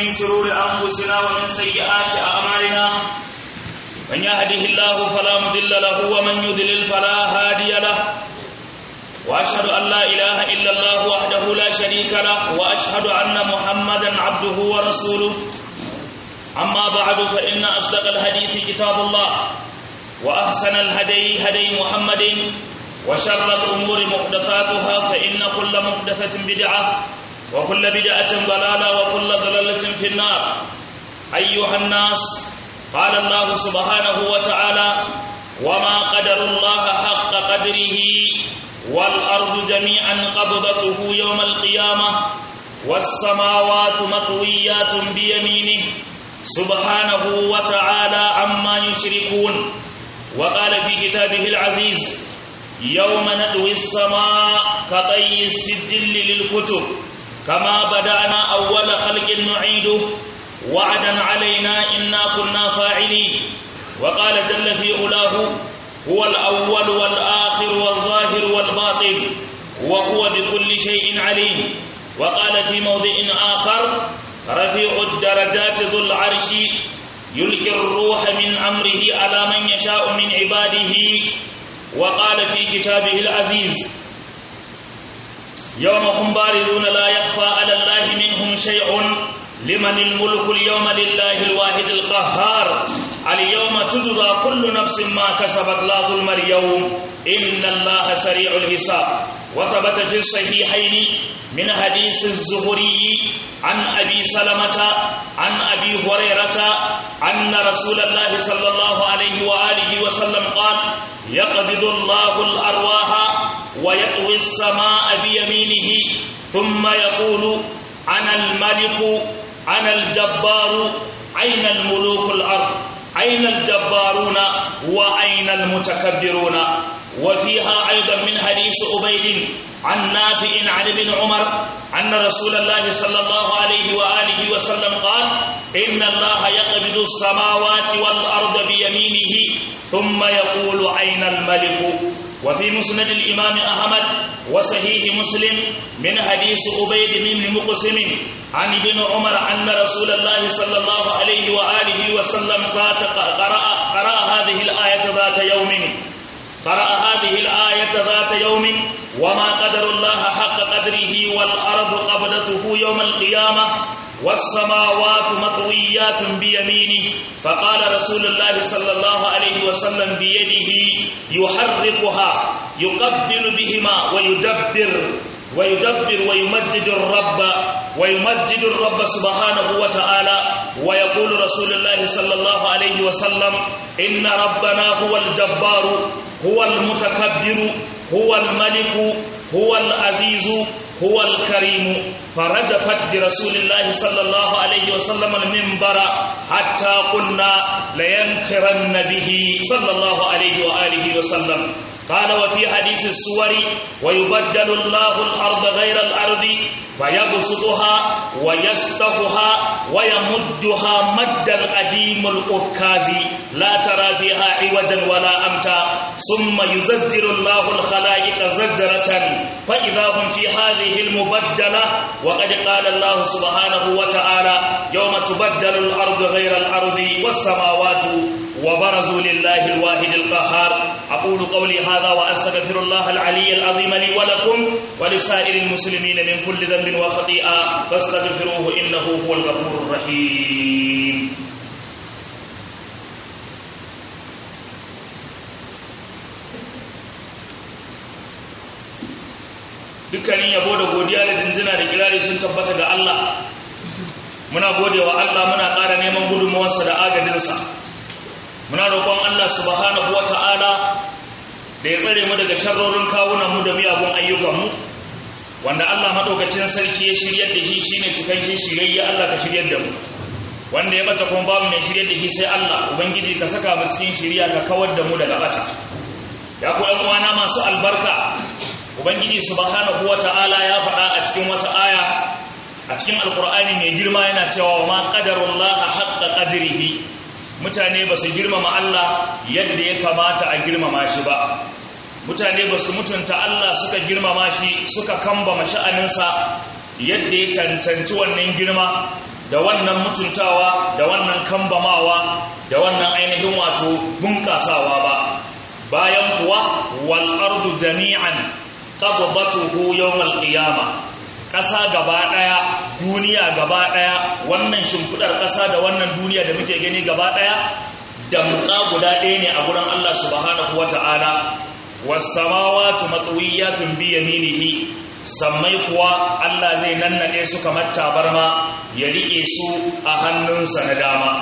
من شرور أنفسنا ومن سيئات أعمالنا من يهده الله فلا مضل له ومن يضلل فلا هادي له وأشهد أن لا إله إلا الله وحده لا شريك له وأشهد أن محمدا عبده ورسوله أما بعد فإن أصدق الحديث كتاب الله وأحسن الهدي هدي محمد وشر الأمور محدثاتها فإن كل محدثة بدعة وكل بدعة ضلالة وكل ضلالة في النار أيها الناس قال الله سبحانه وتعالى وما قدر الله حق قدره والأرض جميعا قبضته يوم القيامة والسماوات مطويات بيمينه سبحانه وتعالى عما يشركون وقال في كتابه العزيز يوم ندوي السماء كطي السجل للكتب كما بدأنا أول خلق نعيده وعدا علينا إنا كنا فاعلين وقال جل في علاه هو الأول والآخر والظاهر والباطن وهو بكل شيء عليم وقال في موضع آخر رفيع الدرجات ذو العرش يلقي الروح من أمره على من يشاء من عباده وقال في كتابه العزيز يوم هم بارزون لا يخفى على الله منهم شيء لمن الملك اليوم لله الواحد القهار اليوم تجزى كل نفس ما كسبت لا ظلم اليوم إن الله سريع الحساب وثبت في الصحيحين من حديث الزهري عن أبي سلمة عن أبي هريرة أن رسول الله صلى الله عليه وآله وسلم قال يقبض الله الأرواح ويطوي السماء بيمينه ثم يقول أنا الملك أنا الجبار أين الملوك الأرض أين الجبارون وأين المتكبرون وفيها أيضا من حديث أبيد عن نافع عن ابن عمر أن رسول الله صلى الله عليه وآله وسلم قال إن الله يقبض السماوات والأرض بيمينه ثم يقول أين الملك وفي مسند الإمام أحمد وصحيح مسلم من حديث أبيد بن مقسم عن ابن عمر أن رسول الله صلى الله عليه وآله وسلم قرأ, قرأ هذه الآية ذات يوم قرأ هذه الآية ذات يوم وما قدر الله حق قدره والأرض قبضته يوم القيامة والسماوات مطويات بيمينه فقال رسول الله صلى الله عليه وسلم بيده يحرقها يقبل بهما ويدبر ويدبر ويمجد الرب ويمجد الرب سبحانه وتعالى ويقول رسول الله صلى الله عليه وسلم إن ربنا هو الجبار هو المتكبر هو الملك هو العزيز هو الكريم فرجفت برسول الله صلى الله عليه وسلم المنبر حتى قلنا لينكرن به صلى الله عليه وآله وسلم قال وفي حديث السور ويبدل الله الأرض غير الأرض فيبسطها ويسطحها ويمدها مد القديم القكاز لا ترى فيها عوجا ولا أمتا ثم يزجر الله الخلائق زجرة فإذا هم في هذه المبدلة وقد قال الله سبحانه وتعالى يوم تبدل الأرض غير الأرض والسماوات وبرزوا لله الواحد القهار أقول قولي هذا وأستغفر الله العلي العظيم لي ولكم ولسائر المسلمين من كل ذنب وخطيئة فاستغفروه إنه هو الغفور الرحيم dukkanin yabo da godiya da jinjina da kirari sun tabbata ga Allah muna gode wa Allah muna ƙara neman gudunmawarsa da agajinsa muna roƙon Allah subhanahu ta'ala da ya tsare mu daga sharrorin kawunan mu da miyagun ayyukan mu wanda Allah maɗaukacin sarki ya shiryar da shi shine cikakken shirayya Allah ka shiryar da mu wanda ya bata kuma babu mai shiryar da shi sai Allah ubangiji ka saka mu cikin shirya ka kawar da mu daga bata ya ku ɗan uwana masu albarka ubangiji subhanahu ta'ala ya faɗa a cikin wata aya a cikin Alƙur'ani mai girma yana cewa ma qadarullaha haqqa qadrihi mutane ba su girmama Allah yadda ya kamata a girmama shi ba mutane ba su mutunta Allah suka girmama shi suka kambama sha'aninsa yadda ya tantanci wannan girma da wannan mutuntawa da wannan kambamawa da wannan ainihin wato bunkasawa ba bayan kuwa wal ardu jami'an qabdatuhu yawm al qiyamah ƙasa gaba ɗaya duniya gaba ɗaya wannan shimfiɗar ƙasa da wannan duniya da muke gani gaba ɗaya damƙa guda ɗaya ne a gurin Allah subhanahu wa ta'ala wasamawatu matawiyatun bi yaminihi sammai kuwa Allah zai nannade su kamar tabarma ya riƙe su a hannunsa na dama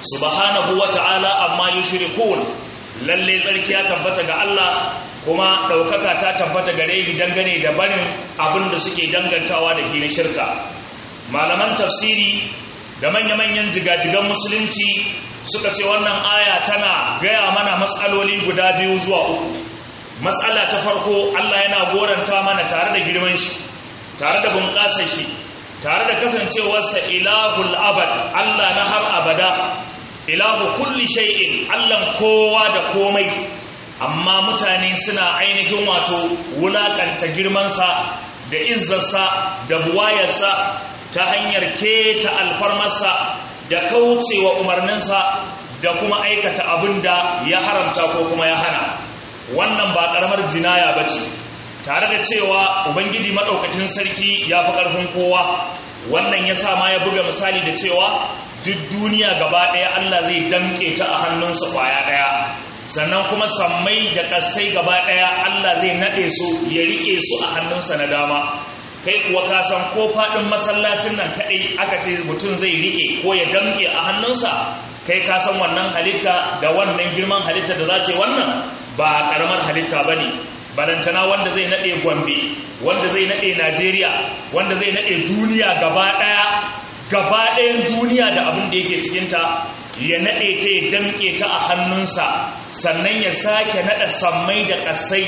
subhanahu wa ta'ala amma yushrikun lalle tsarki ya tabbata ga Allah kuma ɗaukaka ta tabbata gare shi dangane da barin abin da suke dangantawa da ke shirka malaman tafsiri da manya-manyan jigajigan musulunci suka ce wannan aya tana gaya mana matsaloli guda biyu zuwa uku matsala ta farko Allah yana goranta mana tare da girman shi tare da bunƙasa shi tare da kasancewarsa ilahul abad Allah na har abada ilahu kulli shay'in Allah kowa da komai amma mutane suna ainihin wato wulakanta girmansa da izzarsa da buwayarsa ta hanyar keta alfarmarsa da kaucewa umarninsa da kuma aikata abin da ya haramta ko kuma ya hana wannan ba ƙaramar jinaya ba ce tare da cewa ubangiji maɗaukakin sarki ya fi ƙarfin kowa wannan ya sa ma ya buga misali da cewa duk duniya gaba ɗaya allah zai damƙe ta a hannunsa kwaya ɗaya sannan kuma sammai da ƙasai gaba ɗaya Allah zai naɗe su ya riƙe su a hannunsa na dama kai kuwa ka san ko faɗin masallacin nan kaɗai aka ce mutum zai riƙe ko ya damƙe a hannunsa kai ka san wannan halitta da wannan girman halitta da za ce wannan ba ƙaramar halitta ba ne balantana wanda zai naɗe gombe wanda zai naɗe najeriya wanda zai naɗe duniya gaba ɗaya gaba ɗayan duniya da abin da yake cikinta ya naɗe ta ya damƙe ta a hannunsa sannan ya sake naɗa sammai da ƙasai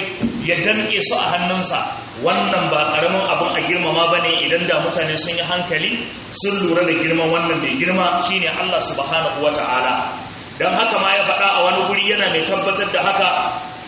ya damƙe su a hannunsa wannan ba ƙaramin abin a girmama ba ne idan da mutane sun yi hankali sun lura da girman wannan mai girma shine Allah subhanahu wa ta'ala don haka ma ya faɗa a wani guri yana mai tabbatar da haka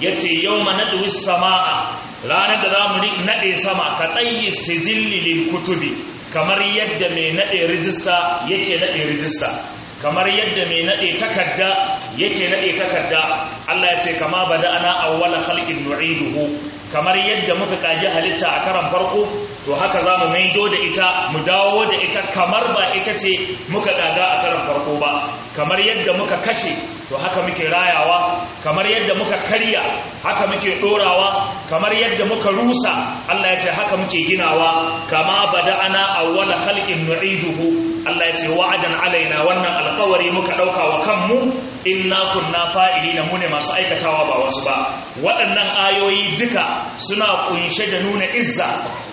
ya ce yau ma naɗuwi sama'a ranar da za mu naɗe sama ka tsayi sijilli kutubi kamar yadda mai naɗe rijista yake naɗe rijista kamar yadda mai naɗe takarda yake naɗe takarda Allah ya ce kama ana awwala khalqin nu'iduhu kamar yadda muka kaji halitta a karan farko to haka za zamu maido da ita mu dawo da ita kamar ba ita ce muka kaga a karan farko ba kamar yadda muka kashe to haka muke rayawa kamar yadda muka karya haka muke ɗorawa, kamar yadda muka rusa Allah ya ce haka muke ginawa kama ana awwala khalqin nu'iduhu Allah ya ce wa'adan alaina wannan alkawari muka dauka wa kanmu inna kunna fa'ilina mu ne masu aikatawa ba wasu ba waɗannan ayoyi duka suna kunshe da nuna izza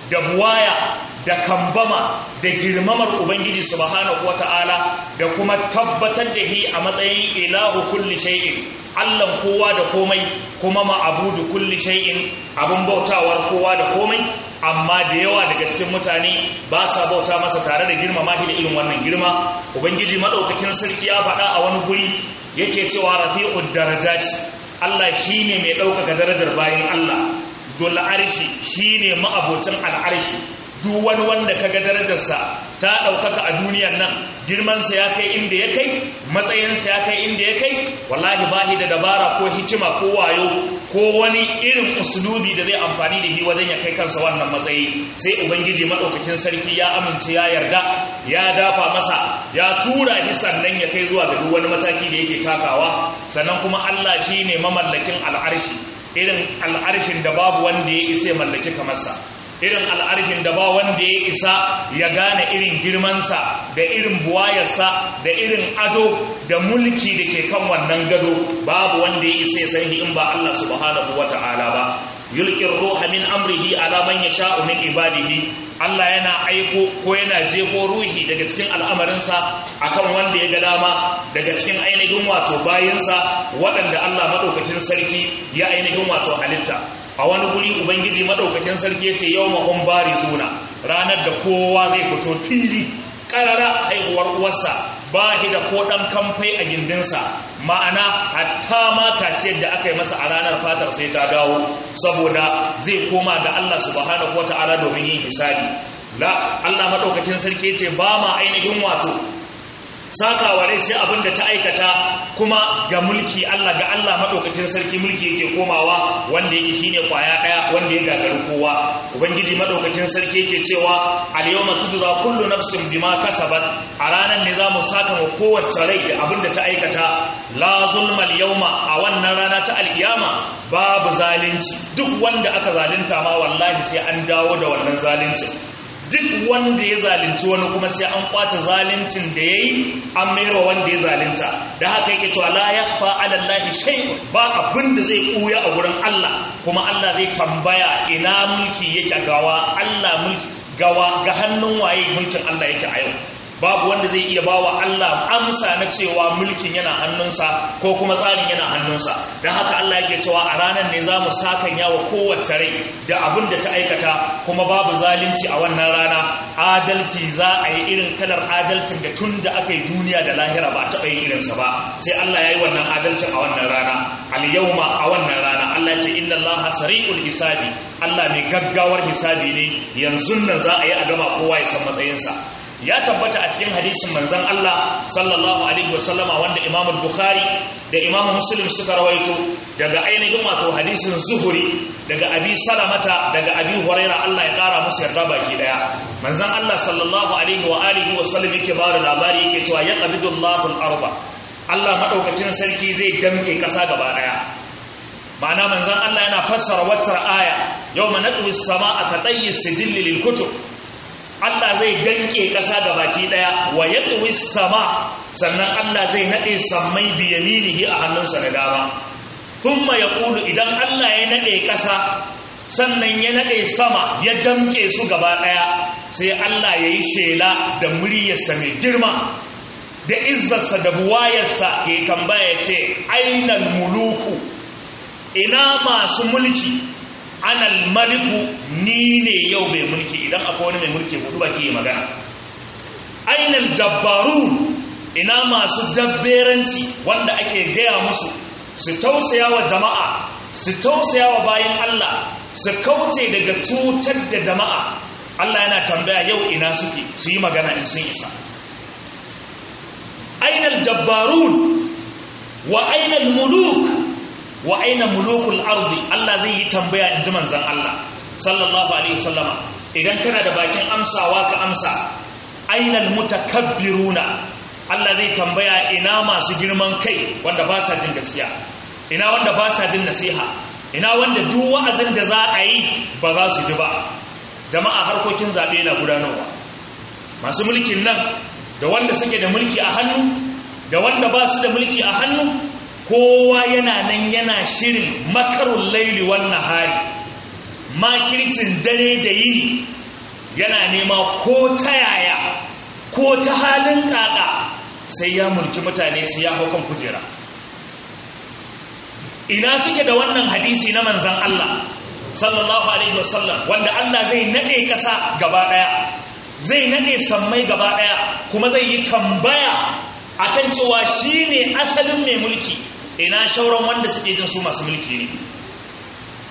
da buwaya da kambama da girmamar ubangiji subhanahu wata'ala da kuma tabbatar da shi a matsayin ilahu kulli shay'in allan kowa da komai kuma ma'abudu kulli shay'in abun bautawar kowa da komai amma da yawa daga cikin mutane ba sa bauta masa tare da girmama shi da irin wannan girma ubangiji madaukakin sarki ya faɗa a wani guri yake cewa rafi'ud darajat Allah shine mai ɗaukaka darajar bayan Allah dole arshi shine ma'abocin al'arshi duk wani wanda ka ga darajarsa ta ɗaukaka a duniyan nan girmansa ya kai inda ya kai matsayinsa ya kai inda ya kai wallahi ba da dabara ko hikima ko wayo ko wani irin usulubi da zai amfani da shi wajen ya kai kansa wannan matsayi sai ubangiji maɗaukakin sarki ya amince ya yarda ya dafa masa ya tura shi sannan ya kai zuwa ga duk wani mataki da yake takawa sannan kuma Allah shi ne mamallakin al'arshi irin al'arshin da babu wanda ya isa mallaki kamar sa irin al'arhin da ba wanda ya isa ya gane irin girmansa da irin buwayarsa da irin ado da mulki da ke kan wannan gado babu wanda ya isa ya san in ba Allah subhanahu ta'ala ba yulkin ruha min amrihi ala man yasha'u min ibadihi Allah yana aiko ko yana jefo ruhi daga cikin al'amarinsa akan wanda ya ga dama daga cikin ainihin wato bayinsa waɗanda Allah maɗaukacin sarki ya ainihin wato halitta a wani guri ubangiji madaukakin sarki ce yace yawma bari suna, ranar da kowa zai fito fili karara haihuwar uwarsa ba shi da ko ɗan kamfai a gindinsa ma'ana hatta ma kaciyar da aka yi masa a ranar fatar sai ta dawo saboda zai koma ga Allah subhanahu wata'ala domin yin hisabi la Allah madaukakin sarki ce ba ma ainihin wato sakawa rai sai abin da ta aikata kuma ga mulki Allah ga Allah madaukakin sarki mulki yake komawa wanda yake shine kwaya daya wanda ya gagaru kowa ubangiji madaukakin sarki yake cewa al yawma tudza kullu nafsin bima kasabat a ranar ne zamu saka wa kowace rai da abin da ta aikata la zulma al yawma a wannan rana ta alkiyama babu zalunci duk wanda aka zalunta ma wallahi sai an dawo da wannan zalunci duk wanda ya zalunci wani kuma sai an kwace zaluncin da ya yi an wa wanda ya zalunta da haka yake cewa la yakhfa 'ala shay ba abin da zai kuya a gurin Allah kuma Allah zai tambaya ina mulki yake gawa Allah mulki gawa ga hannun waye mulkin Allah yake a yau babu wanda zai iya bawa Allah amsa na cewa mulkin yana hannunsa ko kuma tsarin yana hannunsa don haka Allah yake cewa a ranar ne za mu sa kan wa kowace rai da abin da ta aikata kuma babu zalunci a wannan rana adalci za a yi irin kalar adalcin da tun da aka yi duniya da lahira ba taɓa yin irinsa ba sai Allah ya yi wannan adalcin a wannan rana al-yawma a wannan rana Allah ya ce inna Allah sari'ul hisabi Allah mai gaggawar hisabi ne yanzu nan za a yi a kowa ya san matsayinsa ya tabbata a cikin hadisin manzon Allah sallallahu alaihi wasallama wanda Imam Bukhari da Imam Muslim suka rawaito daga ainihin wato hadisin Zuhri daga Abi Salamata daga Abi Huraira Allah ya kara musu yarda baki daya manzon Allah sallallahu alaihi wa alihi wasallam yake ba da labari yake cewa ya Allahu al-arba Allah madaukakin sarki zai damke kasa gaba daya ma'ana manzon Allah yana fassara wata aya yawma nadwi as-sama'a ka sijilli lil kutub Allah zai ganke ƙasa da baki ɗaya wa ya sama sannan Allah zai naɗe sammai biyaminihi a hannunsa da dama ma ya ƙudu idan Allah ya naɗe ƙasa sannan ya naɗe sama ya damƙe su gaba ɗaya sai Allah ya yi shela da muryarsa mai girma da izzarsa da buwayarsa ya tambaya ce ainal muluku ina masu mulki anal maliku ni ne yau mai mulki idan akwai wani mai mulki hudu baki yi magana ainihin jabbaru ina masu jabberanci wanda ake gaya musu su tausaya wa jama'a su tausaya wa bayan Allah su kauce daga cutar da jama'a Allah yana tambaya yau ina suke su yi magana in sun isa ainihin jabbaru wa ainal muluk wa aina mulukul ardi Allah zai yi tambaya in ji manzon Allah sallallahu alaihi wasallama idan kana da bakin amsawa ka amsa ainal mutakabbiruna Allah zai tambaya ina masu girman kai wanda ba sa jin gaskiya ina wanda ba sa jin nasiha ina wanda duk wa'azin da za a yi ba za su ji ba jama'a harkokin zaɓe na gudanarwa masu mulkin nan da wanda suke da mulki a hannu da wanda ba su da mulki a hannu kowa yana nan yana shirin makarun laili wannan hari makircin dare da yini yana nema ko ta yaya ko ta halin kada sai ya mulki mutane su ya haukan kujera ina suke da wannan hadisi na manzan Allah sallallahu alaihi wasallam wanda Allah zai nade kasa gaba daya zai nade sammai gaba daya kuma zai yi tambaya akan cewa shi ne asalin mai mulki ina shauran wanda suke jin su masu mulki ne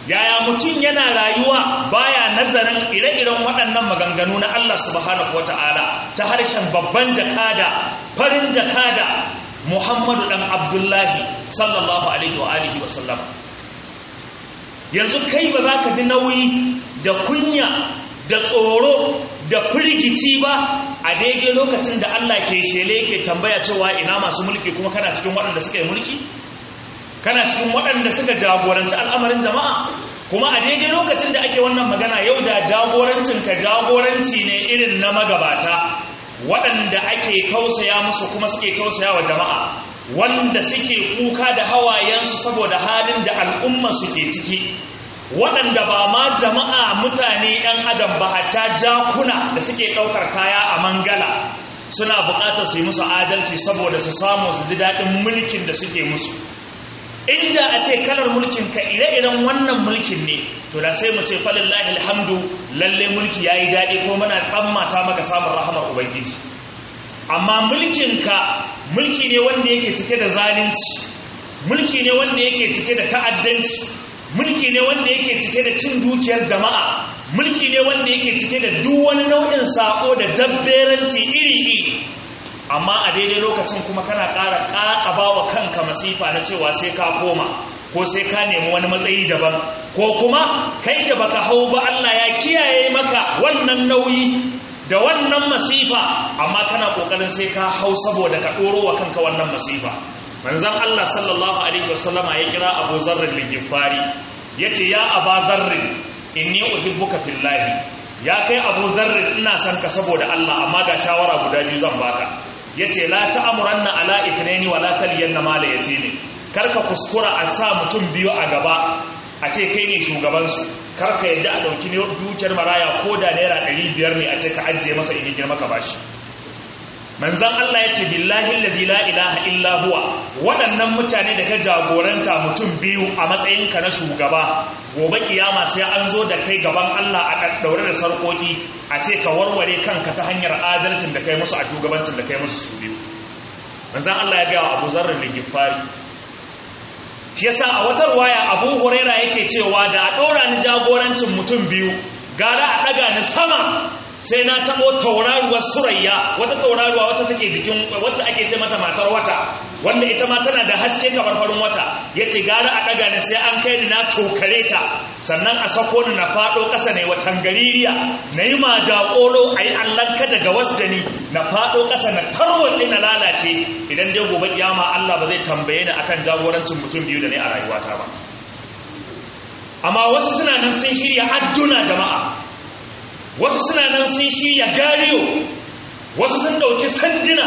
yaya mutum yana rayuwa baya nazarin ire-iren waɗannan maganganu na Allah subhanahu wata'ala ta harshen babban jakada farin jakada Muhammadu dan Abdullahi sallallahu alaihi wa alihi wasallam yanzu kai ba za ka ji nauyi da kunya da tsoro da firgici ba a daidai lokacin da Allah ke shele ke tambaya cewa ina masu mulki kuma kana cikin waɗanda suka yi mulki kana cikin waɗanda suka jagoranci al'amarin jama'a kuma a daidai lokacin da ake wannan magana yau da jagorancin ka jagoranci ne irin na magabata waɗanda ake tausaya musu kuma suke tausaya wa jama'a wanda suke kuka da hawayensu saboda halin da al'umma suke ciki waɗanda ba ma jama'a mutane 'yan adam ba hatta jakuna da suke ɗaukar kaya a mangala suna buƙatar su yi musu adalci saboda su samu su ji daɗin mulkin da suke musu inda a ce kalar mulkin ka ire-iren wannan mulkin ne to da sai mu ce falillahi alhamdu lalle mulki yayi daɗi ko muna tsammata maka samun rahamar ubangiji amma mulkin ka mulki ne wanda yake cike da zalunci mulki ne wanda yake cike da ta'addanci mulki ne wanda yake cike da cin dukiyar jama'a mulki ne wanda yake cike da duk wani nau'in sako da jabberanci iri-iri amma a daidai lokacin kuma kana ƙara ƙaƙaba wa kanka masifa na cewa sai ka koma ko sai ka nemi wani matsayi daban ko kuma kai da baka hau ba Allah ya kiyaye maka wannan nauyi da wannan masifa amma kana ƙoƙarin sai ka hau saboda ka ɗoro wa kanka wannan masifa manzon Allah sallallahu alaihi wasallama ya kira Abu da gifari Ya ce ya Aba in inni uhibbuka fillahi ya kai abu zarrin ina son ka saboda Allah amma ga shawara guda biyu zan baka ya ce la na ala ithnaini wa la taliyanna mala ne karka kuskura a sa mutum biyu a gaba a ce kai ne shugabansu su karka yadda a ɗauki dukiyar maraya ko da naira 500 ne a ce ka ajiye masa in maka ka bashi manzan Allah ya ce billahi lazi la ilaha illa huwa waɗannan mutane da ka jagoranta mutum biyu a matsayinka na shugaba gobe kiyama sai an zo da kai gaban Allah a ɗaure da sarkoki a ce ka warware kanka ta hanyar adalcin da kai musu a shugabancin da kai musu su biyu manzan Allah ya wa Abu Zarr da Gifari shi yasa a watar waya Abu hurera yake cewa da a ɗaura ni jagorancin mutum biyu gara a ɗaga ni sama sai na taɓo tauraruwar surayya wata tauraruwa wata take jikin wacce ake ce mata matar wata wanda ita ma tana da haske kamar farin wata ya ce gara a ɗaga ni sai an kai ni na tokare ta sannan a sako ni na faɗo ƙasa ne watan gaririya na yi ma jaƙoro a yi allanka daga wasu da ni na faɗo ƙasa na tarwaɗe na lalace idan dai gobe kiyama Allah ba zai tambaye ni akan jagorancin mutum biyu da ne a rayuwata ba amma wasu suna nan sun shirya adduna jama'a wasu suna nan sun shi ya gariyo wasu sun ɗauki sandina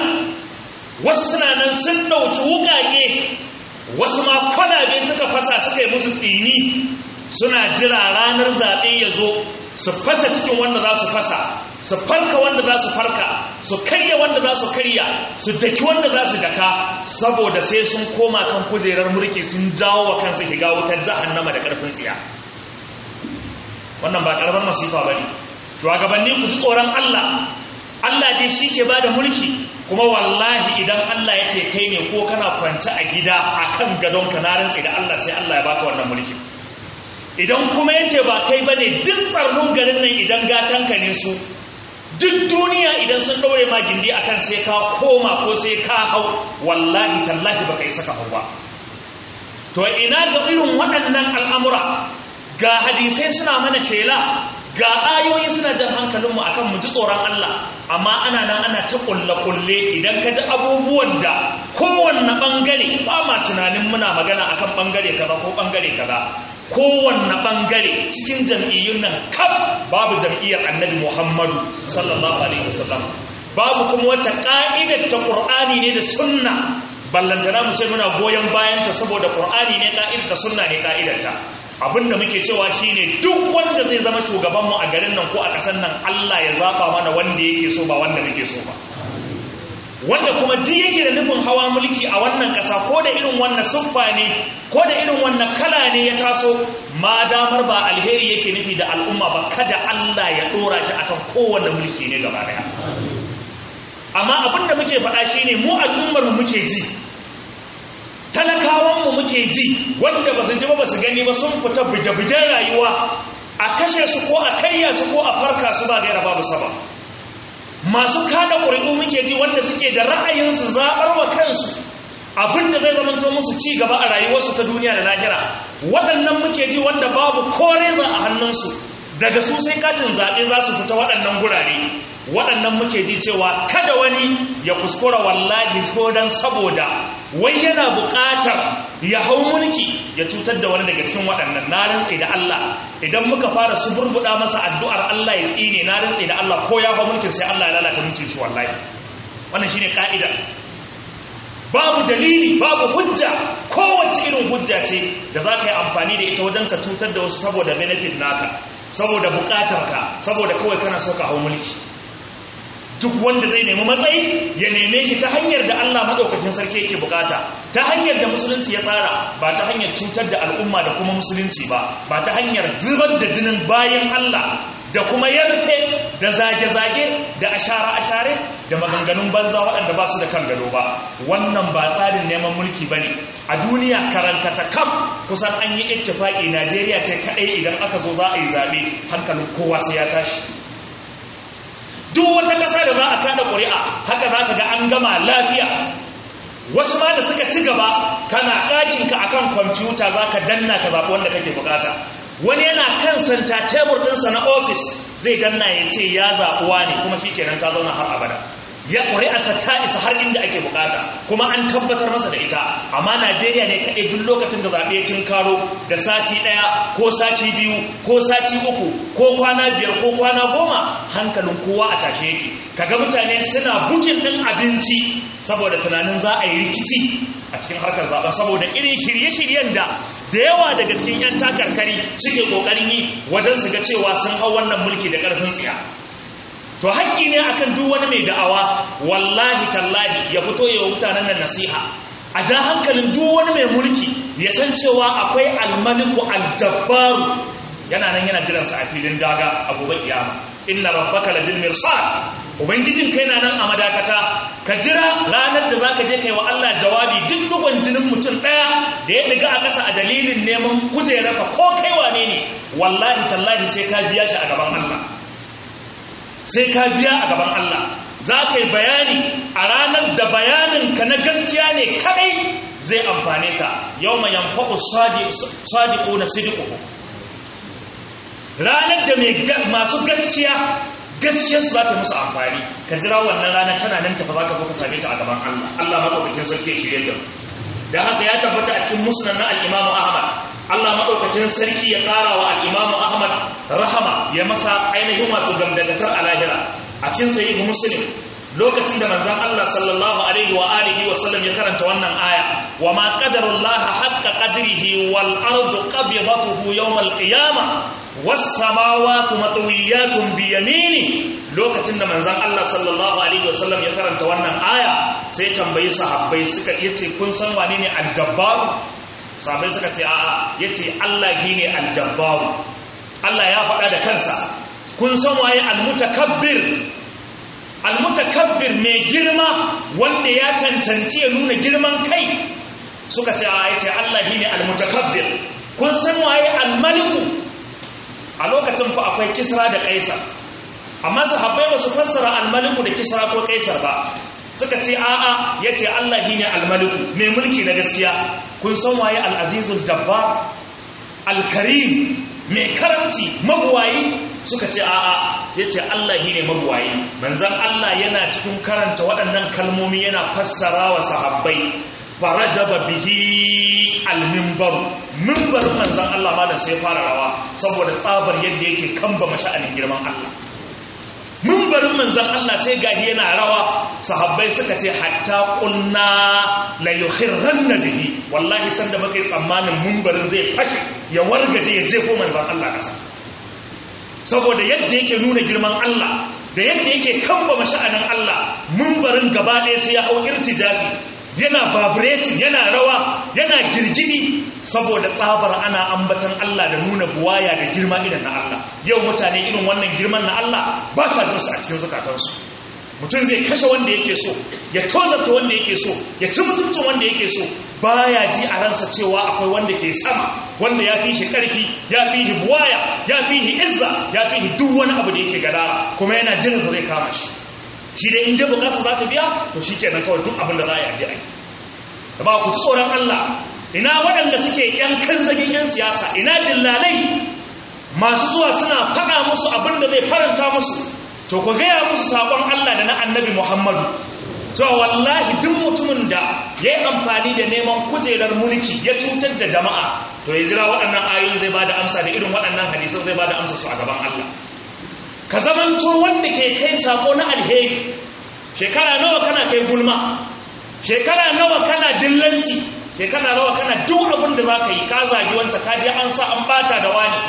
wasu suna nan sun ɗauki wukaƙe, wasu ma kwalabe suka fasa suka yi musu tsini suna jira ranar zaɓe ya zo su fasa cikin wanda za su fasa su farka wanda za su farka su karya wanda za su karya su daki wanda za su daka saboda sai sun koma kan kujerar mulki sun jawo wa kansu shiga wutar jahannama da karfin tsiya wannan ba karamar masifa ba ne. shugabanni ku ji tsoron Allah Allah dai shi ke bada da mulki kuma wallahi idan Allah ya ce kai ne ko kana kwance a gida a kan gadonka na rantsi da Allah sai Allah ya baka wannan mulki idan kuma ya ce ba kai ba ne duk tsarnin garin nan idan gatanka ne su duk duniya idan sun ɗaure ma gindi akan sai ka koma ko sai ka hau wallahi tallahi ka yi ka hau ba to ina ga irin waɗannan al'amura ga hadisai suna mana shela ga ayoyi suna jan hankalinmu a kan ji tsoron Allah amma ana nan ana ta kulle-kulle idan ka ji abubuwan da kowanne ɓangare. ba ma tunanin muna magana a kan ɓangare kaza ko bangare kaza kowanne ɓangare cikin jam'iyyun nan kaf babu jam'iyyar annabi Muhammadu sallallahu alaihi wasallam babu kuma wata ka'idar ta Qur'ani ne da sunna ballantana mu sai muna goyon bayanta saboda Qur'ani ne ka'idar ta sunna ne ka'idar da muke cewa shi ne duk wanda zai zama shugabanmu a garin nan ko a ƙasar nan Allah ya zafa mana wanda yake so ba wanda muke so ba wanda kuma ji yake da nufin hawa mulki a wannan ƙasa ko da irin wannan siffa ne ko da irin wannan kala ne ya taso ma damar ba alheri yake nufi da al'umma ba kada Allah ya dora ta akan kowanne mulki ne gaba daya amma abin da muke faɗa shine mu al'ummar mu muke ji talakawan mu muke ji wanda ba su ji ba su gani ba sun fita buge-bugen rayuwa a kashe su ko a kayya su ko a farka su ba gaira babu saba masu kada ƙuri'u muke ji wanda suke da ra'ayinsu zaɓar wa kansu abin da zai zamanto musu ci gaba a rayuwarsu ta duniya da lahira waɗannan muke ji wanda babu koreza a hannunsu daga su sai katin zaɓe za su fita waɗannan gurare waɗannan muke ji cewa kada wani ya kuskura wallahi ko dan saboda wai yana buƙatar ya hau mulki ya cutar da wani daga cikin waɗannan na rintse da Allah idan muka fara su burbuɗa masa addu'ar Allah ya tsine na rintse da Allah ko ya hau mulkin sai Allah ya lalata mulkin su wallahi wannan shine ka'ida babu dalili babu hujja kowace irin hujja ce da za ka yi amfani da ita wajen ka cutar da wasu saboda benefit naka saboda buƙatarka saboda kawai kana so ka hau mulki duk wanda zai nemi matsayi ya neme shi ta hanyar da Allah madaukakin sarki yake bukata ta hanyar da musulunci ya tsara ba ta hanyar cutar da al'umma da kuma musulunci ba ba ta hanyar zubar da jinin bayan Allah da kuma yarfe da zage-zage da ashara-ashare da maganganun banza waɗanda ba su da kan gado ba wannan ba tsarin neman mulki ba ne a duniya karantata kam kusan an yi ittifaƙi najeriya ce kaɗai idan aka zo za a yi zaɓe hankalin kowa sai ya tashi duk wata ƙasa da za a kada ƙuri'a haka za ka ga an gama lafiya wasu ma da suka ci gaba kana ɗakinka akan kwamfuta za ka danna ta zaɓi wanda kake bukata wani yana kan santa tebur ɗinsa na ofis zai danna ya ce ya zaɓuwa ne kuma shi kenan ta zauna har abada ya ƙuri'arsa ta isa har inda ake bukata kuma an tabbatar masa da ita amma najeriya ne kaɗai duk lokacin da zaɓe ya karo da sati ɗaya ko sati biyu ko sati uku ko kwana biyar ko kwana goma hankalin kowa a tashe yake kaga mutane suna bukin ɗin abinci saboda tunanin za a yi rikici a cikin harkar zaɓa saboda irin shirye-shiryen da da yawa daga cikin 'yan takarkari suke ƙoƙarin yi wajen su ga cewa sun hau wannan mulki da ƙarfin tsiya to haƙƙi ne akan duk wani mai da'awa wallahi tallahi ya fito ya mutanen nan nasiha a ja hankalin duk wani mai mulki ya san cewa akwai almaliku jabbar yana nan yana jiran sa a filin daga a gobe kiyama inna rabbaka ladil mirsad ubangijin kai na nan a madakata ka jira ranar da zaka je kai wa Allah jawabi duk dukan jinin mutum daya da ya diga a kasa a dalilin neman kujerarka ko kai wane ne wallahi tallahi sai ka biya shi a gaban Allah sai ka biya a gaban Allah za ka yi bayani a ranar da bayaninka na gaskiya ne kadai zai amfane ka yau mai yamfaku sadiku na sidiku ranar da masu gaskiya gaskiyar su za ta musu amfani ka jira wannan rana tana nan tafa za ka fuka same ta a gaban Allah Allah maɗaukakin sarki shirye da mu da haka ya tabbata a cikin musnad na al-Imam Ahmad Allah madaukakin sarki ya kara wa al-Imam Ahmad rahama ya masa ainihin wato gamdagatar alahira a cikin sahih Muslim lokacin da manzon Allah sallallahu alaihi wa alihi wa sallam ya karanta wannan aya wa ma qadarullaha haqqa qadrihi wal ardu qabidatuhu yawm al-qiyamah wasamawatu matawiyatun biyamini lokacin da manzon Allah sallallahu alaihi wasallam ya karanta wannan aya sai tambayi sahabbai suka yace kun san wane ne al-jabbar sahabbai suka ce a'a yace Allah gine al-jabbar Allah ya faɗa da kansa kun san waye al-mutakabbir al-mutakabbir mai girma wanda ya cancanci ya nuna girman kai suka ce a yace Allah shine al-mutakabbir kun san waye al-maliku a lokacin fa akwai kisra da kaisar amma sahabbai ba su fassara almaliku da kisra ko kaisar ba suka ce a'a ya ce Allah ne almaliku mai mulki na gaskiya kun san waye al'azizul dabba alkarim mai karanci Maguwayi? suka ce a'a ya ce Allah ne mabuwayi manzan Allah yana cikin karanta waɗannan kalmomi yana fassara wa sahabbai farajaba bihi almimbaru minbar manzan Allah ma da sai fara rawa saboda tsabar yadda yake kamba masha'anin girman Allah mimbarin manzan Allah sai gahi yana rawa sahabbai suka ce hatta kunna la yukhirranna bihi wallahi sanda muka yi tsammanin minbarin zai fashe ya wargaje ya jefo manzan Allah kasa saboda yadda yake nuna girman Allah da yadda yake kamba masha'anin Allah minbarin gaba ɗaya sai ya hau irtijafi yana vibrating yana rawa yana girgini, saboda tsabar ana ambatan Allah da nuna buwaya da girma idan na Allah yau mutane irin wannan girman na Allah ba sa jinsu a cikin zukatansu mutum zai kashe wanda yake so ya tozarta wanda yake so ya ci mutuncin wanda yake so baya ji a ransa cewa akwai wanda ke sama wanda ya fi shi karfi ya fi shi buwaya ya fi shi izza ya fi shi duk wani abu da yake gada kuma yana jin zai kama shi shi da in jabin za ta biya to shi ke kenan kawai duk abin da za a yi a da ba ku tsoron Allah ina waɗanda suke ‘yan zagin ‘yan siyasa ina dillalai masu zuwa suna faɗa musu abin da zai faranta musu to ku gaya musu saƙon Allah da na annabi Muhammadu to wallahi duk mutumin da ya yi amfani da neman kujerar mulki ya cutar da jama'a to ya jira waɗannan ayoyi zai ba da amsa da irin waɗannan hadisan zai ba da amsa su a gaban Allah ka zamanto wanda ke kai sako na alheri shekara nawa kana kai gulma shekara nawa kana dillanci shekara nawa kana duk abin da zaka yi ka zagi wanda ka je an sa an bata da wani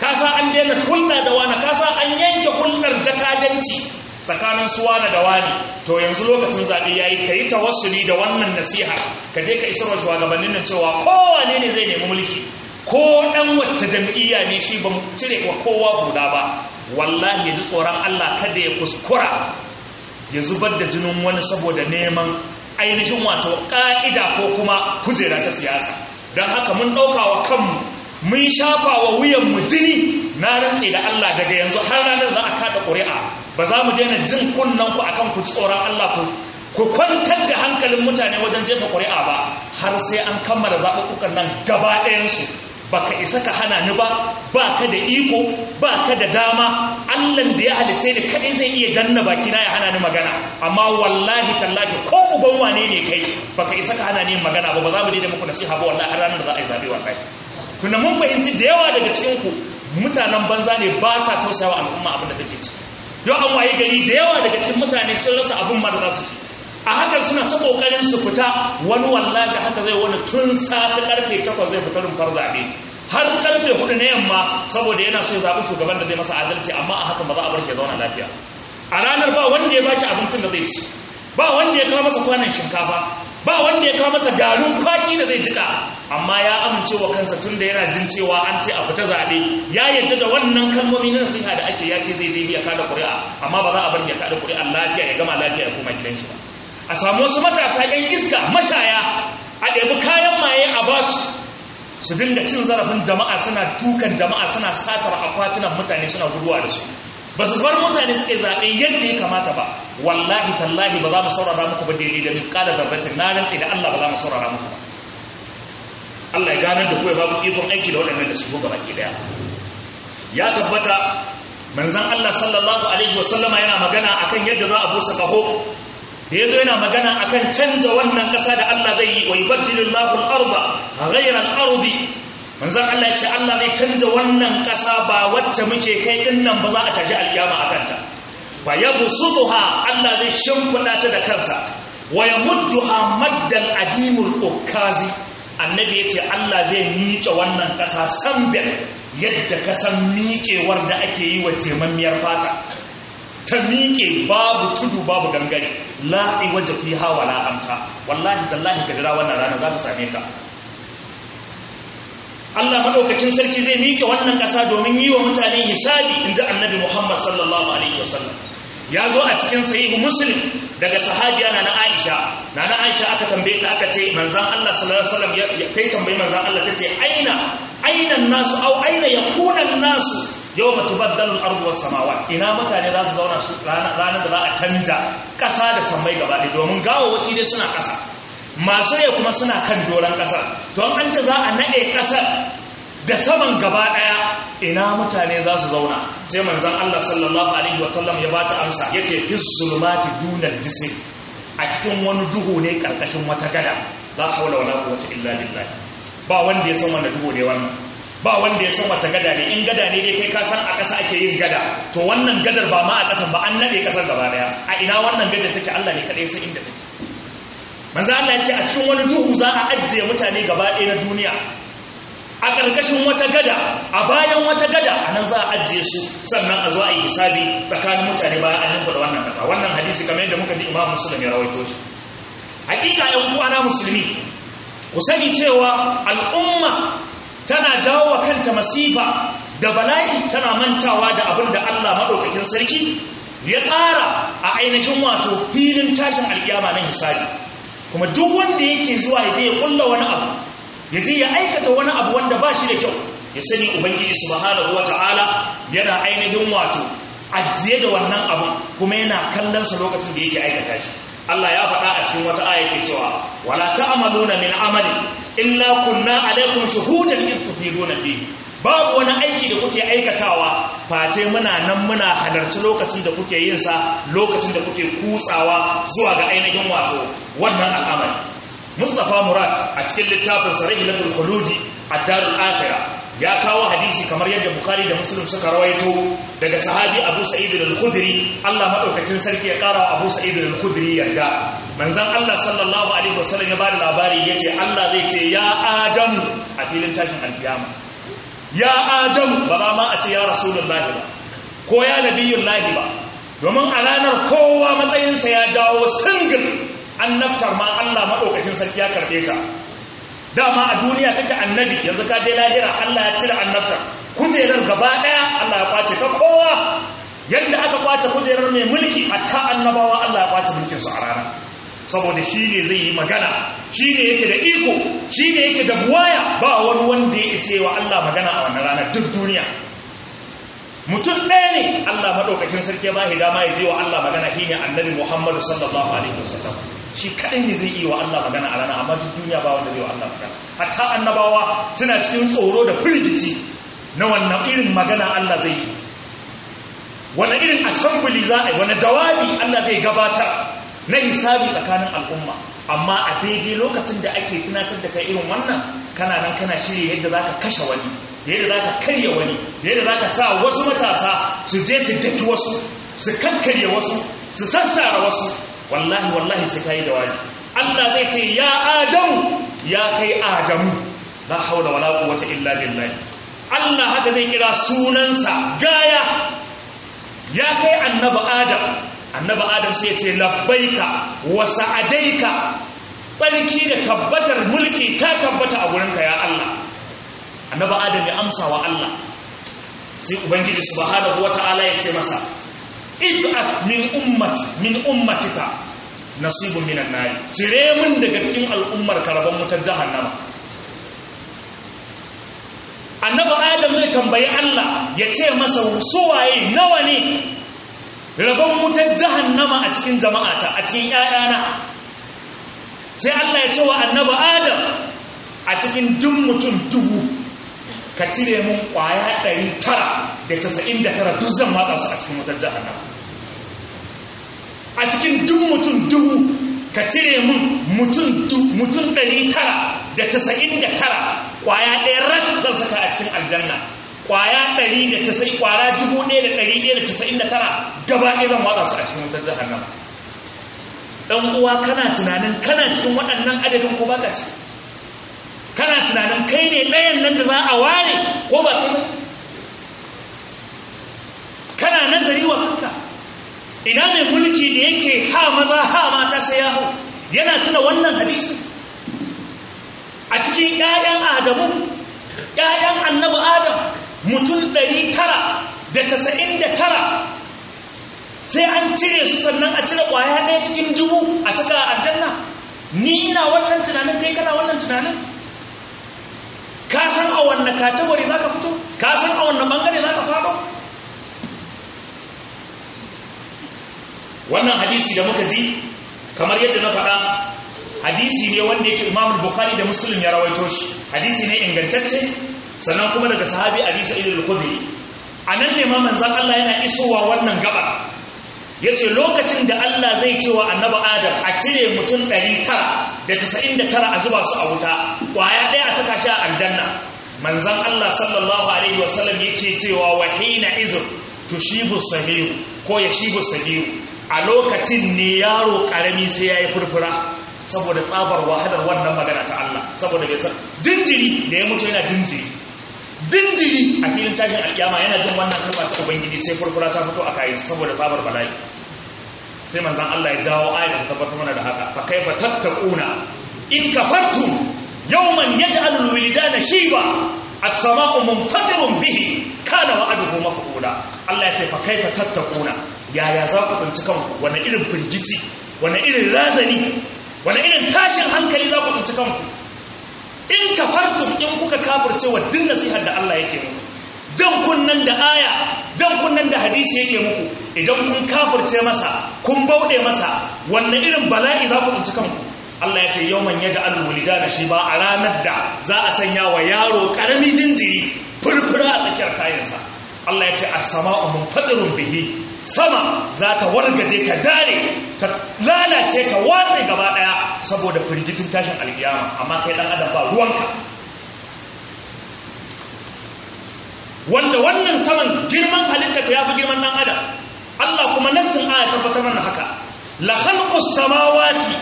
ka sa an daina hulɗa da wani ka sa an yanke hulɗar jakadanci tsakanin suwana da wani to yanzu lokacin zaɓe ya yi ka yi tawassuli da wannan nasiha ka je ka isar wa shugabannin nan cewa kowane ne zai nemi mulki ko ɗan wacce jam'iyya ne shi ba cire wa kowa guda ba wallahi ya ji tsoron Allah kada ya kuskura ya zubar da jinin wani saboda neman ainihin wato ƙa'ida ko kuma kujera ta siyasa don haka mun ɗauka wa kanmu mun shafa wa wuyanmu jini na rantsi da Allah daga yanzu har ranar za a kada ƙuri'a ba za mu daina jin kunnan ku akan ku ji tsoron Allah ku ku kwantar da hankalin mutane wajen jefa ƙuri'a ba har sai an kammala zaɓuɓɓukan nan gaba ɗayansu baka isa ka hana ni ba baka da iko baka da dama Allah da ya halice ni kadai zai iya danna baki na ya hana ni magana amma wallahi tallahi ko mu wane ne kai baka isa ka hana ni magana ba ba za mu da muku nasiha ba wallahi ranar da za a yi zabe wallahi kuna mun fahimci da yawa daga cikin ku mutanen banza ne ba sa tausayawa al'umma abin da take ci don an waye gari da yawa daga cikin mutane sun rasa abin ma da za su ci a haka suna ta kokarin su fita wani wallahi haka zai wani tun safi karfe takwas zai fita rumfar zaɓe har karfe hudu na yamma saboda yana so zaɓi shugaban da zai masa adalci amma a haka ba za a barke zauna lafiya a ranar ba wanda ya bashi abincin da zai ci ba wanda ya kawo masa kwanan shinkafa ba wanda ya kawo masa garin kwaki da zai jika amma ya amince wa kansa tun da yana jin cewa an ce a fita zaɓe ya yadda da wannan kalmomi na nasiha da ake ya ce zai zai biya kada ƙuri'a amma ba za a bar ya kada ƙuri'a lafiya ya gama lafiya ya koma gidan shi ba a samu wasu matasa yan iska mashaya a ɗabi kayan maye a basu su dinga cin zarafin jama'a suna tukan jama'a suna satar akwatunan mutane suna guduwa da su ba su bar mutane suke zaɓe yadda ya kamata ba wallahi tallahi ba za mu saurara muku ba daidai da mutkalar zarratin na rantsi da Allah ba za mu saurara muku ba Allah ya ganar da kuwa babu ikon aiki da waɗannan da su gaba ki daya ya tabbata manzan Allah sallallahu alaihi wasallama yana magana akan yadda za a busa kaho da yazo yana magana akan canza wannan ƙasa da Allah zai yi wa yubaddilu Allahu al-arda ghayra al-ardi manzon Allah ya ce Allah zai canza wannan ƙasa ba wacce muke kai din nan ba za a taji alƙiyama akan ta fa yabsutuha Allah zai shimfida ta da kansa wa yamudduha maddan adimul ukazi annabi yace Allah zai miƙe wannan ƙasa sambe yadda kasan miƙewar da ake yi wa jemammiyar fata ta miƙe babu tudu babu gangare la'i wajen fi hawa na amta wallahi tallahi ka jira wannan rana za ta same ka Allah maɗaukacin sarki zai miƙe wannan ƙasa domin yi wa mutane hisabi in ji annabi Muhammad sallallahu alaihi wasallam ya zo a cikin sahihu muslim daga sahabiya na na aisha na na aisha aka tambaye ta aka ce manzan Allah sallallahu alaihi wasallam ya kai tambayi manzan Allah ta ce aina aina nasu au aina yakuna nasu yau matu baddalin arzuwar samawa ina mutane za su zauna su ranar da za a canja ƙasa da samai gaba ɗaya domin gawo waki dai suna ƙasa masu ne kuma suna kan doron ƙasa to an ce za a naɗe ƙasar da saman gaba ɗaya ina mutane za su zauna sai manzan Allah sallallahu alaihi wa sallam ya bata amsa yake fi zulmati dunal jisi a cikin wani duhu ne karkashin wata gada la haula wala quwwata illa billah ba wanda ya san wanda duhu ne wannan ba wanda ya san wata gada ne in gada ne dai kai ka san a ƙasa ake yin gada to wannan gadar ba ma a ƙasan ba an nade ƙasar gaba daya a ina wannan gada take Allah ne kaɗai san inda take manzo Allah ya ce a cikin wani duhu za a ajiye mutane gaba daya na duniya a ƙarƙashin wata gada a bayan wata gada a nan za a ajiye su sannan a zo a yi hisabi tsakanin mutane ba an nufa da wannan ƙasa wannan hadisi kamar yadda muka ji imam muslim ya rawaito shi hakika yan na musulmi ku sani cewa al'umma tana jawo wa kanta masifa da bala'i tana mantawa da abin da Allah maɗaukakin sarki ya ƙara a ainihin wato filin tashin alƙiyama na hisabi kuma duk wanda yake zuwa ya je ya kulla wani abu ya je ya aikata wani abu wanda ba shi da kyau ya sani ubangiji subhanahu wata'ala yana ainihin wato ajiye da wannan abu kuma yana kallon sa lokacin da yake aikata shi Allah ya faɗa a cikin wata aya cewa wala ta'maluna min amali illa kunna alaikum shuhudan in tufiduna fi babu wani aiki da kuke aikatawa face muna nan muna halarci lokacin da kuke yin sa lokacin da kuke kutsawa zuwa ga ainihin wato wannan al'amari Mustapha Murad a cikin littafin Sarihilatul Khuludi a Darul Akhirah ya kawo hadisi kamar yadda bukhari da muslim suka rawaito daga sahabi abu sa'id al-khudri Allah maɗaukakin sarki ya kara abu sa'id al-khudri yarda Manzan Allah sallallahu alaihi wasallam ya bada labari ce Allah zai ce ya adam a filin tashin alkiyama ya adam ba ma a ce ya rasulullahi ba ko ya nabiyullahi ba domin a ranar kowa matsayinsa ya dawo singil annabtar ma Allah maɗaukacin sarki ya karɓe ka dama a duniya take annabi yanzu ka je lahira Allah ya cire annabta kujerar gaba daya Allah ya kwace ta kowa yadda aka kwace kujerar mai mulki hatta annabawa Allah ya kwace mulkin su a rana saboda shi zai yi magana shi yake da iko shi ne yake da buwaya ba wani wanda ya isa wa Allah magana a wannan rana duk duniya mutum ɗaya ne Allah madaukakin sarki ba shi dama ya je wa Allah magana shine annabi muhammad sallallahu alaihi wasallam shi kadai ne zai yi wa Allah magana a rana amma duk duniya ba wanda zai wa Allah magana hatta annabawa suna cikin tsoro da firgici na wannan irin magana Allah zai yi wani irin assembly za a yi wani jawabi Allah zai gabatar na hisabi tsakanin al'umma amma a daidai lokacin da ake tunatar da kai irin wannan kana nan kana shirya yadda za ka kashe wani da yadda za ka karya wani da yadda za ka sa wasu matasa su je su daki wasu su kankarya wasu su sassara wasu wallahi wallahi sai da jawabi Allah zai ce ya adamu ya kai adamu la haula wala quwwata illa billahi Allah haka zai kira sunansa gaya ya kai annabi adam Annaba adam sai ce labbaika wa sa'adaika tsarki da tabbatar mulki ta tabbata a gurinka ya Allah Annaba adam ya amsa wa Allah sai ubangiji subhanahu wata'ala ya ce masa ib'at min ummati min ummatika nasibun minan nari cire mun daga cikin al'ummar karaban wutar jahannama annabi adam zai tambayi Allah ya ce masa suwaye nawa ne rabon wutar jahannama a cikin jama'ata a cikin ƴaƴana sai Allah ya ce wa annabi adam a cikin duk mutum dubu ka cire mun ƙwaya ɗari tara da casa'in da tara duk zan matsa su a cikin wutar jahannam a cikin duk mutum dubu ka cire min mutum ɗari tara da casa'in da tara ƙwaya ɗaya rat zan saka a cikin aljanna ƙwaya ɗari da casa'in ƙwara dubu ɗaya da ɗari ɗaya da casa'in da tara gaba ɗaya zan watsa su a cikin wutar jahannama ɗan uwa kana tunanin kana cikin waɗannan adadin ko ka ci kana tunanin kai ne ɗayan nan da za a ware ko ba kana nazari wa kanka ina mai mulki da yake ha maza ha mata sai yahu yana tuna wannan hadisi a cikin 'ya'yan adamu 'ya'yan annabi adam mutum 999 tara da da tara sai an cire su sannan a cire ƙwaya ɗaya cikin dubu a saka aljanna ni ina wannan tunanin kai kana wannan tunanin ka san a wanne kategori za ka fito ka san a wanne bangare za ka faɗo wannan hadisi da muka ji kamar yadda na faɗa hadisi ne wanda yake imam bukhari da musulun ya rawaito shi hadisi ne ingantacce sannan kuma daga sahabi abi sa'id al A anan ne ma manzon Allah yana isowa wannan gaba yace lokacin da Allah zai ce wa annabi Adam a cire mutum ɗari da da tara a zuba su a wuta kwaya ɗaya a saka shi a aljanna manzon Allah sallallahu alaihi wasallam yake cewa wa hina izr tushibu sabiru ko yashibu sabiru a lokacin ne yaro karami sai ya yi furfura saboda tsabar wahalar wannan magana ta Allah saboda bai san jinjiri da ya mutu yana jinjiri jinjiri a filin tashin alkiyama yana jin wannan kalma ta ubangiji sai furfura ta fito a kayi saboda tsabar bala'i sai manzon Allah ya jawo ayat ta tabbatar mana da haka fa kaifa tattaquna in kafartum yawman yaj'alul wildana shiba as-sama'u munfatirun bihi kana wa'aduhu maf'ula Allah ya ce fa kaifa tattaquna yaya za ku binci kanku wani irin firgici wani irin razani wani irin tashin hankali za ku binci kanku in ka fartum in kuka kafirce wa duk nasihar da Allah yake muku jan kunnan da aya jan kunnan da hadisi yake muku idan kun kafirce masa kun bauɗe masa wanne irin bala'i za ku binci kanku Allah ya ce yawman da shi ba a ranar da za a sanya wa yaro karami jinjiri furfura a tsakiyar kayansa Allah ya ce a sama samau munfadirun bihi sama za ta wargaje ta dare ta lalace ta watsa gaba daya saboda firgicin tashin alkiyama amma kai dan adam ba ruwanka wanda wannan saman girman halitta ta yafi girman dan adam Allah kuma nassin aya tabbatar mana haka la khalqu samawati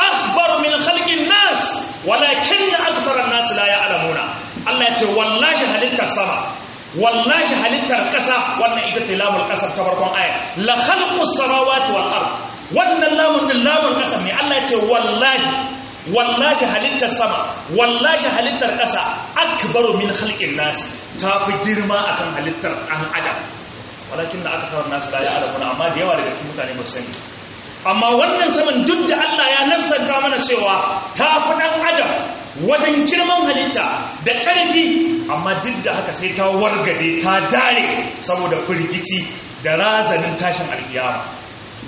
akbar min khalqi خلق walakin ولكن nas la ya'lamuna Allah ya ce wallahi halitta sama. wallahi halittar ƙasa wannan ita ce lamun ƙasar ta farkon aya la khalqus samawati wal ard wannan lamun din lamun ƙasa mai Allah ya ce wallahi wallahi halittar sama wallahi halittar ƙasa akbaru min khalqin nas ta fi girma akan halittar an adam walakin da aka kawo nasu da ya adam amma da yawa daga cikin mutane ba su sani amma wannan saman duk da Allah ya nassanta mana cewa ta fi dan adam wajen girman halitta da ƙarfi amma duk da haka sai ta wargaje ta dare saboda firgici da razanin tashin alkiyama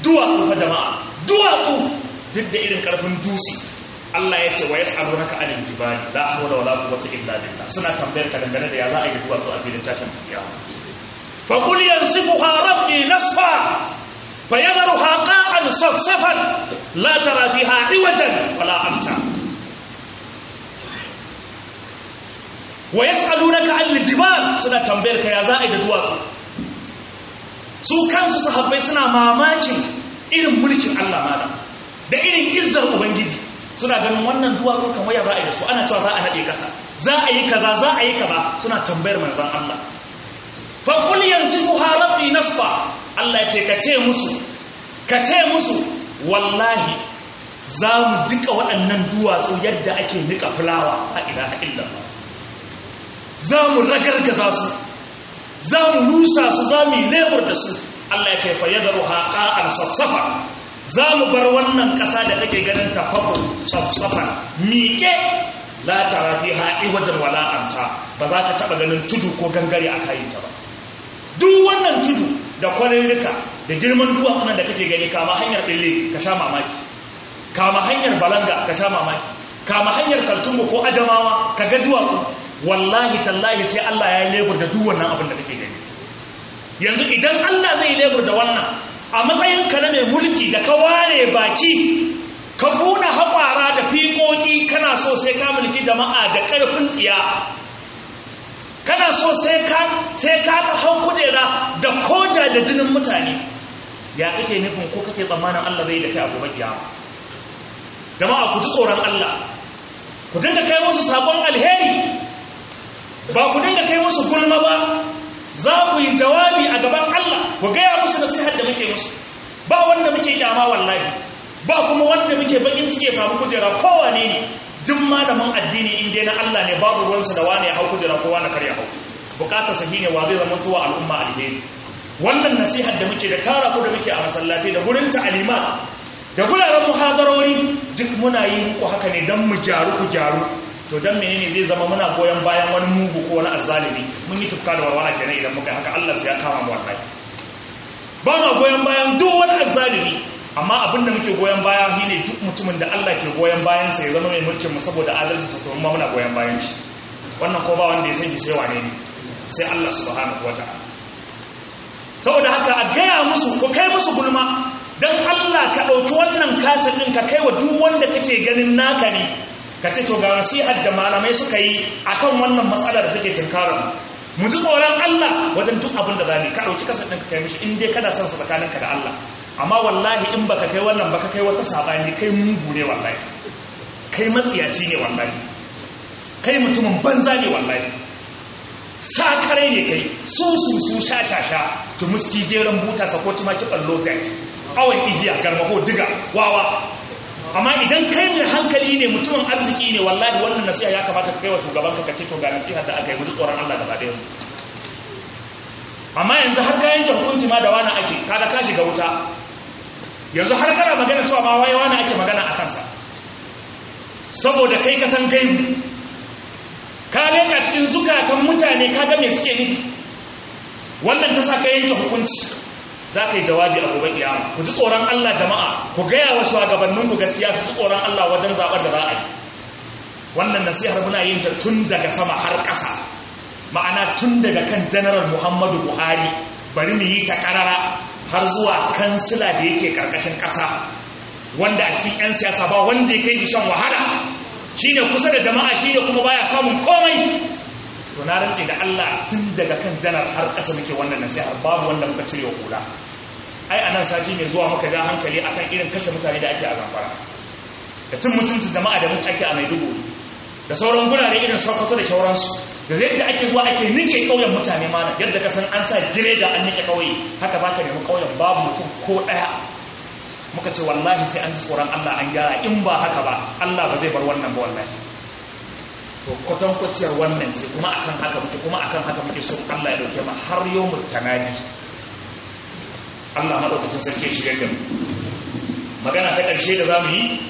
duwatsu fa jama'a duwatsu duk da irin ƙarfin dusi Allah ya ce wa yas'alu naka anil jibali la hawla wala quwwata illa billah suna tambayar ka dangane da ya za a yi duwatsu a filin tashin alkiyama fa qul yansifuha rabbi nasfa fa qa'an safsafan la tara fiha wajen wala amta wa yas'alunaka anil jibal suna tambayar ka ya za a yi da duwatsu su kansu sahabbai suna mamakin irin mulkin Allah mana da irin izzar ubangiji suna ganin wannan duwatsu kan ya za a yi da su ana cewa za a haɗe kasa za a yi kaza za a yi kaza suna tambayar manzon Allah fa qul yansifuha rabbi nasfa Allah ya ce ka ce musu ka musu wallahi za mu duka waɗannan duwatsu yadda ake nika fulawa a ilaha illallah za mu ragargaza su za mu rusa su za mu yi lebur da su Allah ya ya fa haƙa a safsafa za mu bar wannan ƙasa da take ganin ta safsafa miƙe la tara fi haɗi wajen wala'anta ba za ka taɓa ganin tudu ko gangare a kayanta ba duk wannan tudu da kwarirrika da girman duwatsunan da kake gani kama hanyar ɗille ka sha mamaki kama hanyar balanga ka sha mamaki kama hanyar kaltungu ko adamawa ka ga duwatsu wallahi tallahi sai Allah ya yi lebur da duk wannan abin da kake gani yanzu idan Allah zai lebur da wannan a matsayin ka na mai mulki da ka ware baki ka buɗe haƙwara da fiƙoƙi kana so sai ka mulki jama'a da ƙarfin tsiya kana so sai ka sai ka hau kujera da koda da jinin mutane ya kake nufin ko kake tsammanin Allah zai da kai a gobe kiyama jama'a ku ji tsoron Allah ku dinga kai musu sakon alheri ba ku dinga kai musu gulma ba za ku yi jawabi a gaban Allah ku gaya musu nasihar da muke musu ba wanda muke kyama wallahi ba kuma wanda muke bakin cike samu kujera kowane ne duk malamin addini in dai na Allah ne babu ruwansa da wani ya hau kujera ko wani karya hau bukatar sa shine wa zai zama tuwa al'umma alheri wannan nasihar da muke da tara ku da muke a masallatai da gurin ta'alima da guraren muhadarori duk muna yi ku haka ne dan mu gyaru ku gyaru to dan menene zai zama muna goyon bayan wani mugu ko wani azzalimi mun yi tufka da warwara kenan idan muka haka Allah sai ya kama mu wallahi ba ma goyon bayan duk wani azzalimi amma abin da muke goyon baya shine duk mutumin da Allah ke goyon bayan sa ya zama mai mulkin mu saboda adalci sa to muna goyon bayan shi wannan ko ba wanda ya sani sai wane ne sai Allah subhanahu wataala saboda haka a gaya musu ko kai musu gulma dan Allah ka dauki wannan kasa ɗin ka kai wa duk wanda kake ganin naka ne ka ce to ga nasihar da malamai suka yi akan wannan matsalar da take tunkarar mu ji tsoron Allah wajen duk abin da zamu ka dauki kasar ɗinka kai mishi in dai kana son sa tsakaninka da Allah amma wallahi in baka kai wannan baka kai wata sabani kai mugu ne wallahi kai matsiyaci ne wallahi kai mutumin banza ne wallahi sakarai ne kai su su su sha sha sha tumuski geran buta sako tumaki ballo ta awon igiya garmaho diga wawa amma idan kai mai hankali ne mutumin arziki ne wallahi wannan nasiha ya kamata ka kai wa shugaban ka kace to ga nasiha da aka yi mutu tsoron Allah gaba ɗaya amma yanzu har kayan yanke hukunci ma da wani ake da ka shiga wuta yanzu har kana magana cewa ma waye wani ake magana a kansa saboda kai ka san kai ka leka cikin zukatan mutane ka ga me suke nufi wannan ta sa ka yanke hukunci za ka yi jawabi a gobe iya. ku ji tsoron Allah jama'a ku gaya wa shugabannin ku gaskiya su ji tsoron Allah wajen zaɓar da ra'ayi. wannan nasihar muna yin ta tun daga sama har ƙasa ma'ana tun daga kan general Muhammadu Buhari bari mu yi ta ƙarara har zuwa kansila da yake ƙarƙashin ƙasa wanda a cikin 'yan siyasa ba wanda ya kai shan wahala shine kusa da jama'a shine kuma baya samun komai to na rantse da Allah tun daga kan janar har ƙasa muke wannan nasiha babu wanda muka cire hula ai anan sati mai zuwa muka a hankali akan irin kashe mutane da ake a zamfara da cin mutuncin jama'a da muka ake a maiduguri da sauran gurare irin sokoto da shauransu. da zai ta ake zuwa ake nike ƙauyen mutane mana yadda ka san an sa gireda an nike ƙauye haka ba ka nemi ƙauyen babu mutum ko ɗaya muka ce wallahi sai an ji tsoron Allah an gyara in ba haka ba Allah ba zai bar wannan ba wallahi to kwatankwaciyar wannan ce kuma akan haka muke kuma akan haka muke so Allah ya dauke mu har yau mu Allah madaukakin sarki ya shiga da magana ta ƙarshe da zamu yi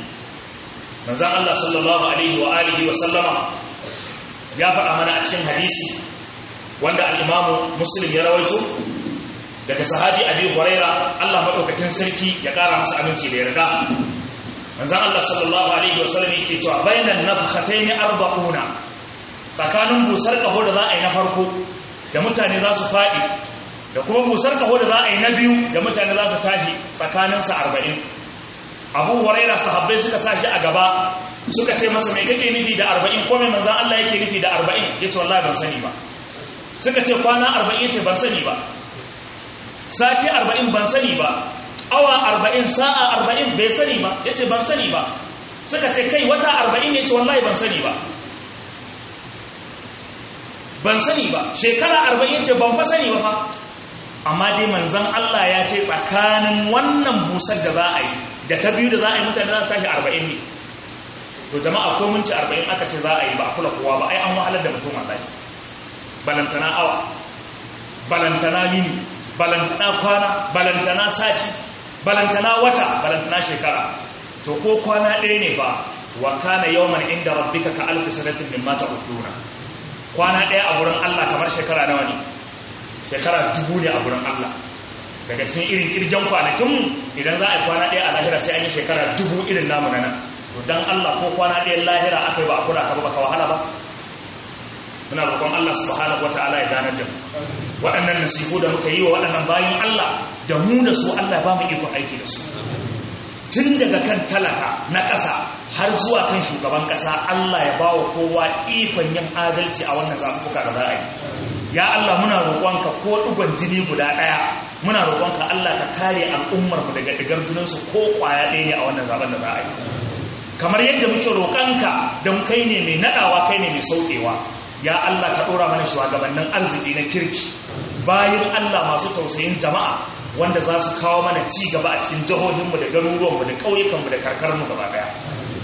manzo Allah sallallahu alaihi wa alihi wa sallama ya faɗa mana a cikin hadisi wanda al Muslim ya rawaito daga sahabi Abi huraira Allah maɗaukacin sarki ya ƙara masa aminci da yarda manzon Allah sallallahu alaihi wasallam yake cewa bainan nafhatayn arba'una tsakanin busar kaho da za a yi na farko da mutane za su faɗi da kuma busar kaho da za a yi na biyu da mutane za su tafi tashi sa arba'in abu huraira sahabbai suka sa shi a gaba suka ce masa mai kake nufi da arba'in ko mai manzan Allah yake nufi da arba'in yace wallahi ban sani ba suka ce kwana arba'in ce ban sani ba sati arba'in ban sani ba awa arba'in sa'a arba'in bai sani ba ya ce ban sani ba suka ce kai wata arba'in ya ce wallahi ban sani ba ban sani ba shekara arba'in ya ce ban fa sani ba fa amma dai manzan Allah ya ce tsakanin wannan busar da za a yi da ta biyu da za a yi mutane za su tashi arba'in ne to jama'a ko minti arba'in aka ce za a yi ba a kula kowa ba ai an wahalar da mutum wallahi balantana awa balantana mini balantana kwana balantana sati balantana wata balantana shekara to ko kwana ɗaya ne ba wa kana yawman inda rabbika ka alfi sanatin min mata uduna kwana ɗaya a wurin Allah kamar shekara nawa ne shekara dubu ne a wurin Allah daga cikin irin kirjan kwanakin idan za a yi kwana ɗaya a lahira sai an yi shekara dubu irin namu nan to dan Allah ko kwana ɗaya lahira aka yi ba a kula ka ba ka wahala ba muna roƙon Allah subhanahu wataala ya da mu waɗannan nasihu da muka yi wa waɗannan bayan Allah da mu da su Allah ba mu ikon aiki da su tun daga kan talaka na ƙasa har zuwa kan shugaban ƙasa Allah ya bawa kowa ikon yin adalci a wannan zafuka da za a yi ya Allah muna roƙonka ko ɗigon jini guda ɗaya muna roƙonka Allah ka kare al'ummar mu daga digar jininsu ko ƙwaya ɗaya ne a wannan zaɓen da za a yi kamar yadda muke roƙonka don kai ne mai naɗawa kai ne mai sauƙewa ya Allah ka ɗora mana shugabannin arziki na kirki bayan Allah masu tausayin jama'a wanda za su kawo mana ci gaba a cikin jihohinmu da garuruwanmu da ƙauyukanmu da karkarmu gaba ɗaya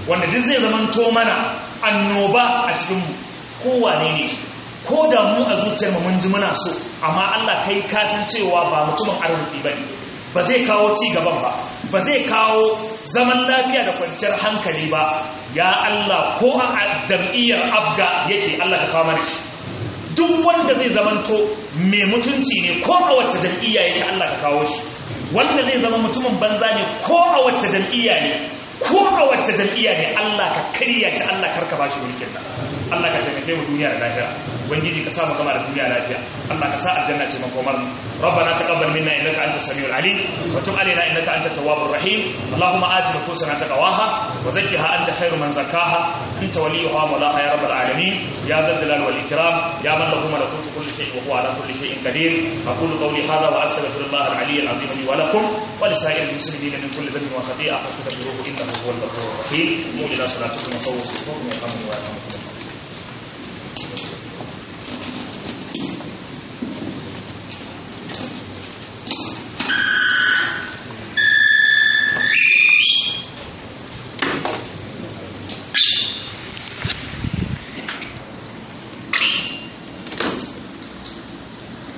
wanda duk zai zamanto mana annoba a cikinmu kowane ne shi ko da mu a zuciyarmu mun ji muna so amma Allah kai ka san cewa ba mutumin arziki bane ba zai kawo ci gaban ba ba zai kawo zaman lafiya da kwanciyar hankali ba ya Allah ko a jam'iyyar afga yake Allah ka fama da shi duk wanda zai zamanto mai mutunci ne ko a wacce jam'iyya yake Allah ka kawo shi wanda zai zama mutumin banza ne ko a wacce jam'iyya ne ko a wacce jam'iyya ne Allah ka karya shi Allah karka ba shi mulkin Allah ka taimake mu duniya da lahira ubangiji ka sa mu duniya lafiya Allah ka sa aljanna ce ربنا تقبل منا انك انت السميع العليم وتب علينا انك انت التواب الرحيم اللهم ات نفوسنا تقواها وزكها انت خير من زكاها انت وليها مولاها يا رب العالمين يا ذا الجلال والاكرام يا من له ملكوت كل شيء وهو على كل شيء قدير اقول قولي هذا واستغفر الله العلي العظيم لي ولكم ولسائر المسلمين من كل ذنب وخطيئه فاستغفروه انه هو الغفور الرحيم قوموا الى صلاتكم وصوموا صفوفكم وقاموا واتموا